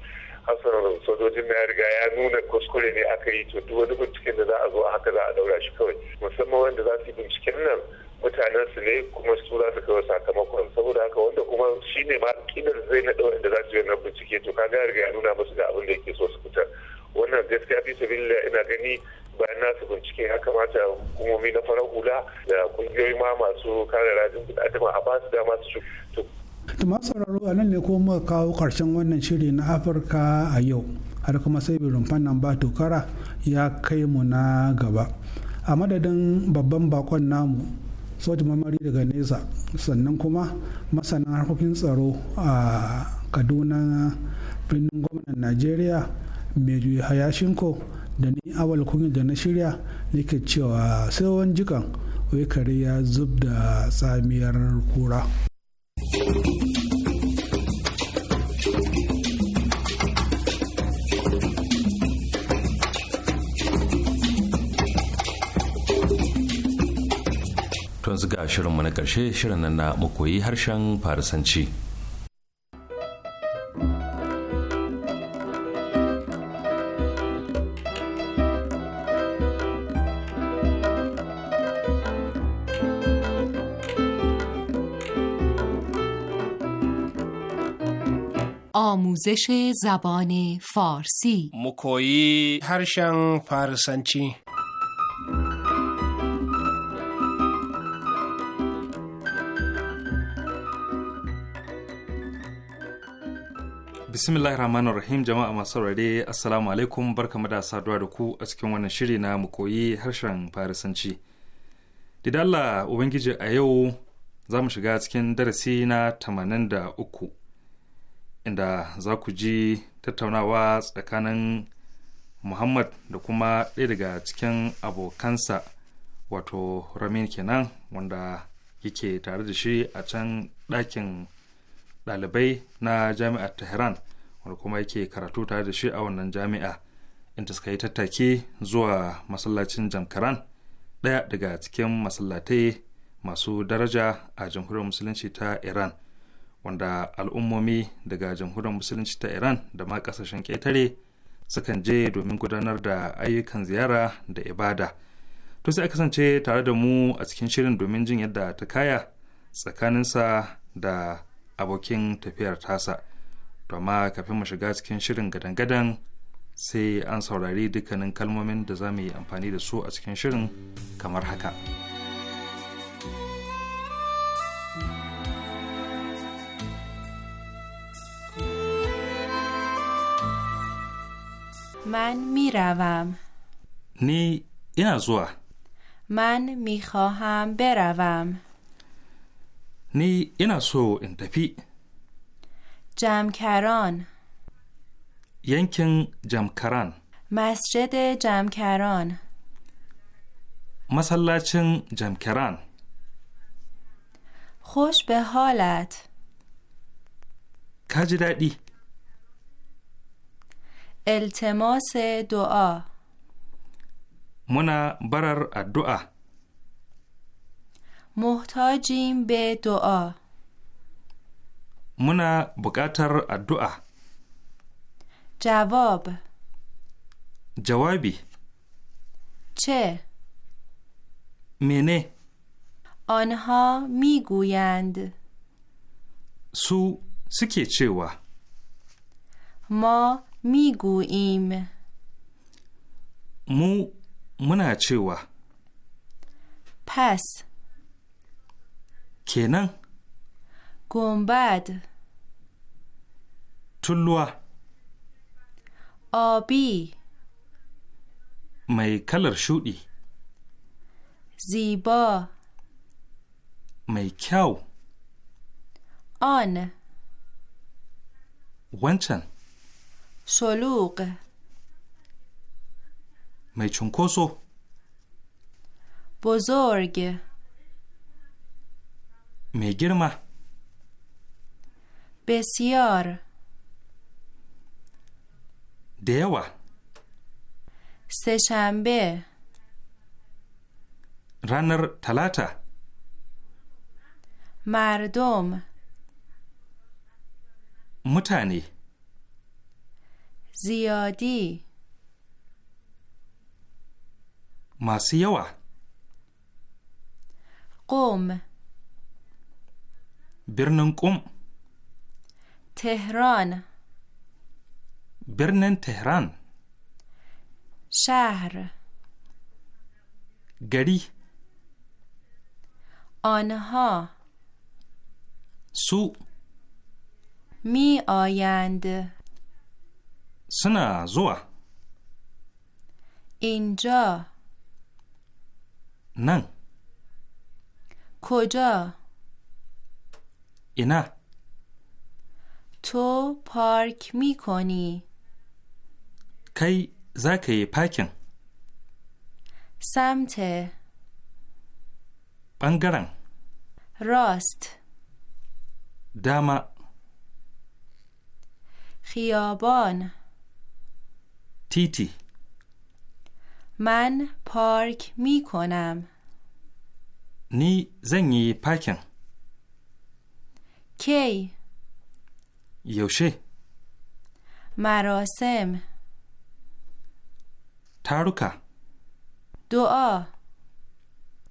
[SPEAKER 7] hassan sojojin na riga ya nuna kuskure ne aka yi to duk wani binciken da za a zo a haka za a daura shi kawai musamman wanda za su yi binciken nan mutanen su ne kuma su za su kawo sakamakon saboda haka wanda kuma shi ne ma zai na da za su yi wannan bincike to kaga riga ya nuna musu da abin da yake so su fitar wannan gaskiya fi sabilillah ina gani bayan nasu bincike ya kamata hukumomi na farar hula da kungiyoyi ma masu kare rajin bil'adama a ba su dama su
[SPEAKER 5] Tuma sauraro a nan ne kuma kawo karshen wannan shiri na Afirka a yau har kuma sai rumfan nan ba tokara ya kai mu na gaba. A madadin babban bakon namu soja mamari daga nesa sannan kuma masanin harkokin tsaro a kaduna birnin gwamnan najeriya mai hayashinko da ni awal kunya da na shirya nake cewa sai wani jikan wai kare ya zub da tsamiyar kura.
[SPEAKER 1] Tun ga shirinmu na ƙarshe shirin nan na makoyi harshen farisanci.
[SPEAKER 9] آموزش زبان فارسی
[SPEAKER 2] harshen هرشن فارسنچی
[SPEAKER 1] bismillahir rahmanir rahim jama'a masu saurare assalamu alaikum barkamu da saduwa da ku a cikin wannan shiri na mu koyi harshen farisanci didalla ubangiji a yau za mu shiga cikin darasi na tamanin da uku. inda za ku ji tattaunawa tsakanin muhammad da kuma ɗaya daga cikin abokansa wato ramin kenan wanda yake tare da shi a can ɗakin ɗalibai na jami'ar tehran wanda kuma yake karatu tare da shi a wannan jami'a inda suka yi tattaki zuwa masallacin jamkaran ɗaya daga cikin masallatai masu daraja a jamhuriyar musulunci ta iran wanda al'ummomi daga jamhuriyar musulunci ta iran da ma kasashen ƙetare sukan je domin gudanar da ayyukan ziyara da ibada to sai a kasance tare da mu a cikin shirin domin jin yadda ta kaya tsakaninsa da abokin tafiyar tasa to amma kafin mu shiga cikin shirin gadan-gadan sai an saurari dukkanin kalmomin da za mu yi amfani da su a cikin shirin kamar haka.
[SPEAKER 9] من میروم
[SPEAKER 1] نی اینا زوا
[SPEAKER 9] من میخواهم بروم
[SPEAKER 1] نی اینا سو این تفی
[SPEAKER 9] جمکران
[SPEAKER 1] ینکن جمکران
[SPEAKER 9] مسجد جمکران
[SPEAKER 1] مسلاچن جمکران
[SPEAKER 9] خوش به حالت کجی دادی التماس دعا
[SPEAKER 1] منا برر الدعا
[SPEAKER 9] محتاجیم به دعا
[SPEAKER 1] منا بکاتر الدعا
[SPEAKER 9] جواب جوابی چه منه آنها میگویند
[SPEAKER 1] سو سکی چه
[SPEAKER 9] ما Miguim.
[SPEAKER 1] Mu muna cewa. Pass. Kenan.
[SPEAKER 9] Gombad. Tulluwa. Obi.
[SPEAKER 1] Mai kalar shuɗi. Zibo. Mai kyau. On. Wancan.
[SPEAKER 9] شلوغ
[SPEAKER 1] میچون کوسو
[SPEAKER 9] بزرگ میگیرم بسیار دیوا سهشنبه
[SPEAKER 1] رنر تلاتا
[SPEAKER 9] مردم متنی زیادی
[SPEAKER 1] ماسیوه قوم برنن قوم
[SPEAKER 9] تهران
[SPEAKER 1] برنن تهران
[SPEAKER 9] شهر گری آنها سو می آیند
[SPEAKER 1] سنا زوا
[SPEAKER 9] اینجا نن کجا اینا تو پارک می کنی
[SPEAKER 1] کی زکی پاکن سمت بنگرن
[SPEAKER 9] راست داما خیابان تیتی من پارک می کنم
[SPEAKER 1] نی زنگی پاکن کی یوشه
[SPEAKER 9] مراسم تاروکا دعا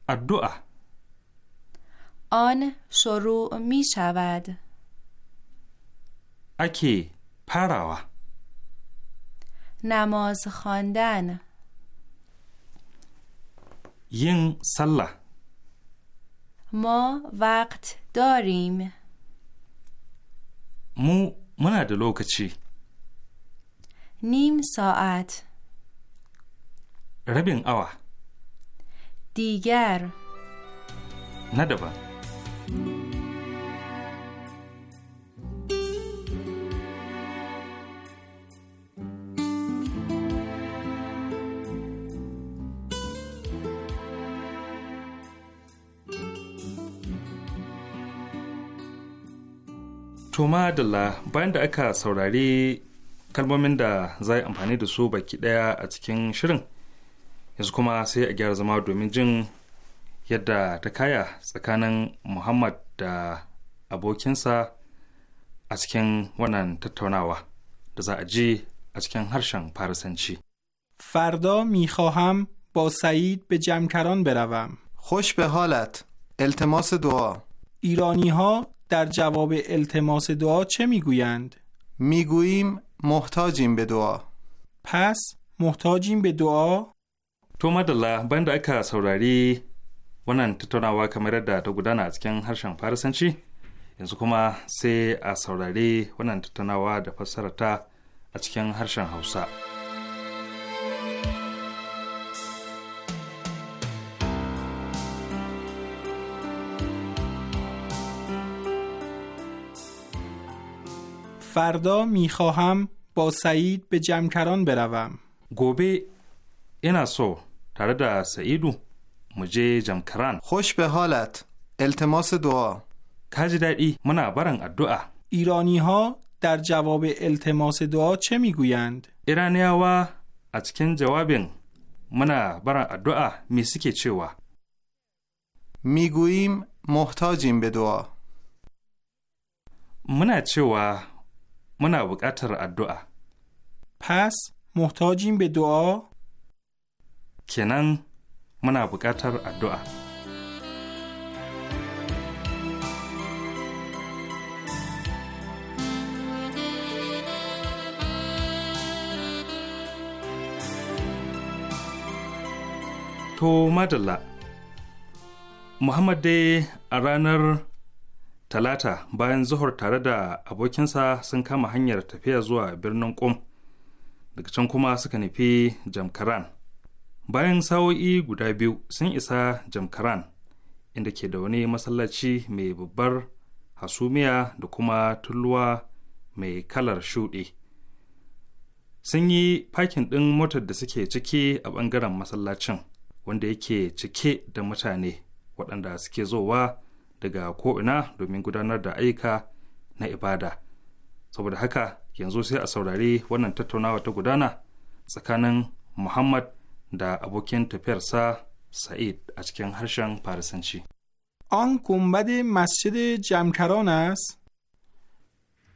[SPEAKER 9] ادعا آن شروع می شود
[SPEAKER 1] اکی پراوه
[SPEAKER 9] نماز خواندن
[SPEAKER 1] ین سله
[SPEAKER 9] ما وقت داریم
[SPEAKER 1] مو muna da lokaci.
[SPEAKER 9] Nim sa'at. Rabin awa. Digar.
[SPEAKER 1] Na daban. To dala bayan da aka saurari kalmomin da za yi amfani da su baki ɗaya a cikin shirin yanzu kuma sai a gyara zama domin jin yadda ta kaya tsakanin Muhammad da abokinsa a cikin wannan tattaunawa da za a ji a cikin
[SPEAKER 10] harshen Farisanci. فردا میخواهم با سعید به جمکران بروم خوش به حالت التماس دعا ایرانی ها در جواب التماس دعا چه میگویند؟ میگوییم محتاجیم به دعا. پس محتاجیم به دعا؟
[SPEAKER 1] تو مدلا بند اکا سوراری ونن تتونا و کمیره دا تو گودان از کن هرشان پارسن چی؟ ینزو کما سی اصوراری ونن تتونا و دا پسرتا از کن هرشان حوصا. فردا میخواهم با سعید به جمکران بروم گوبه اینا سو در سعیدو مجه جمکران خوش به حالت التماس دعا در ای؟ منا برن ادعا ایرانی ها در جواب التماس دعا چه میگویند؟ ایرانی ها از کن جوابین منا برن که چه چوا میگوییم محتاجیم به دعا منا چوا muna buƙatar addu'a. Pas muhtajin be du'a? Kenan muna buƙatar addu'a. To madalla, Muhammad dai a ranar talata bayan zuhur tare da abokinsa sun kama hanyar tafiya zuwa birnin ƙum daga can kuma suka nufi jamkaran bayan sa'o'i guda biyu sun isa jamkaran inda ke da wani masallaci mai babbar hasumiya da kuma tulluwa mai kalar shuɗe sun yi fakin ɗin motar da suke ciki a ɓangaren masallacin wanda yake cike da mutane waɗanda suke zowa daga ko'ina domin gudanar da aika na ibada saboda haka yanzu sai a saurari wannan tattaunawa ta gudana tsakanin muhammad da abokin tafiyarsa sa'id
[SPEAKER 10] a cikin harshen farisanci an gumbadi masjid جمکران است؟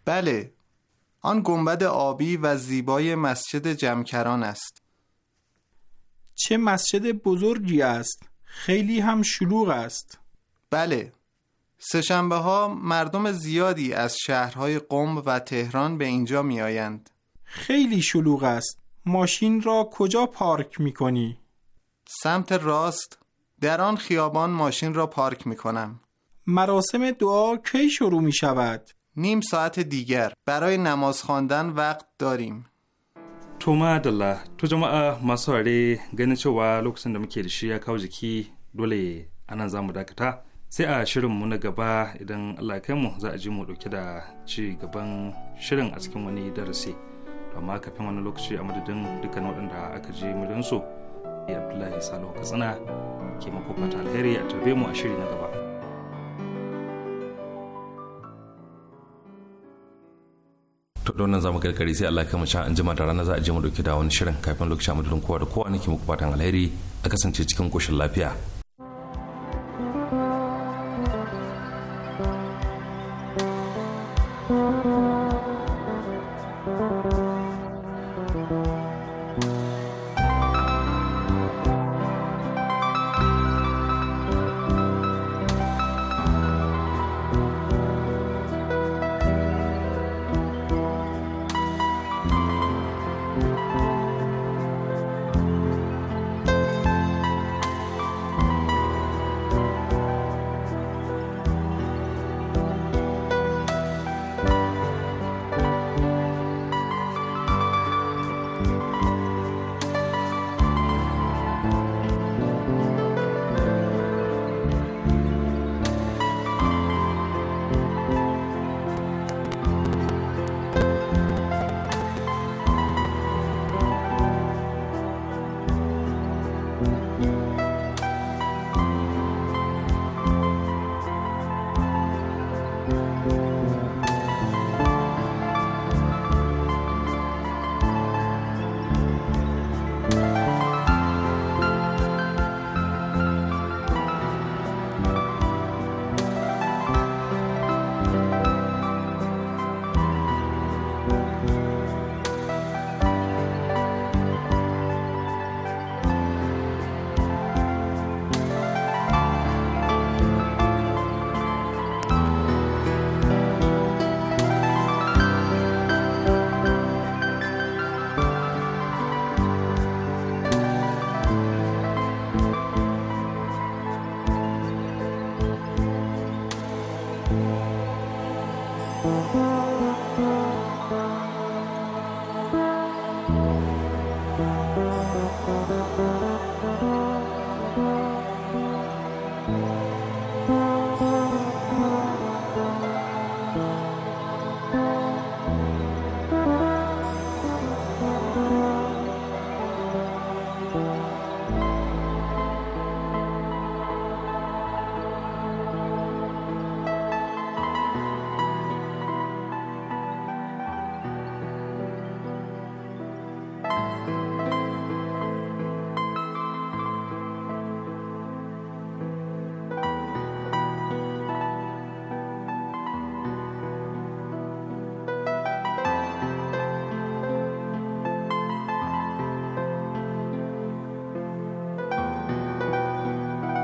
[SPEAKER 10] بله، آن گنبد آبی و زیبای مسجد جمکران است. چه مسجد بزرگی است؟ خیلی هم شلوغ است. بله، سهشنبه ها مردم زیادی از شهرهای قم و تهران به اینجا می آیند. خیلی شلوغ است. ماشین را کجا پارک می کنی؟ سمت راست در آن خیابان ماشین را پارک می کنم. مراسم دعا کی شروع می شود؟ نیم ساعت دیگر برای نماز خواندن وقت داریم.
[SPEAKER 1] تو ما دلله تو جمعه مساری ganin و و da muke da shi sai a shirinmu na gaba idan allah kai mu za a ji mu dauke da ci gaban shirin a cikin wani darasi amma kafin wani lokaci a madadin dukkan waɗanda aka je ya abdullahi salo katsina ke mako fata alheri a tarbe mu a shiri na gaba to donan zamu karkare sai Allah mu sha an jima da rana za a je mu dauke da wani shirin kafin lokacin mu kowa da kowa nake muku fatan alheri a kasance cikin koshin lafiya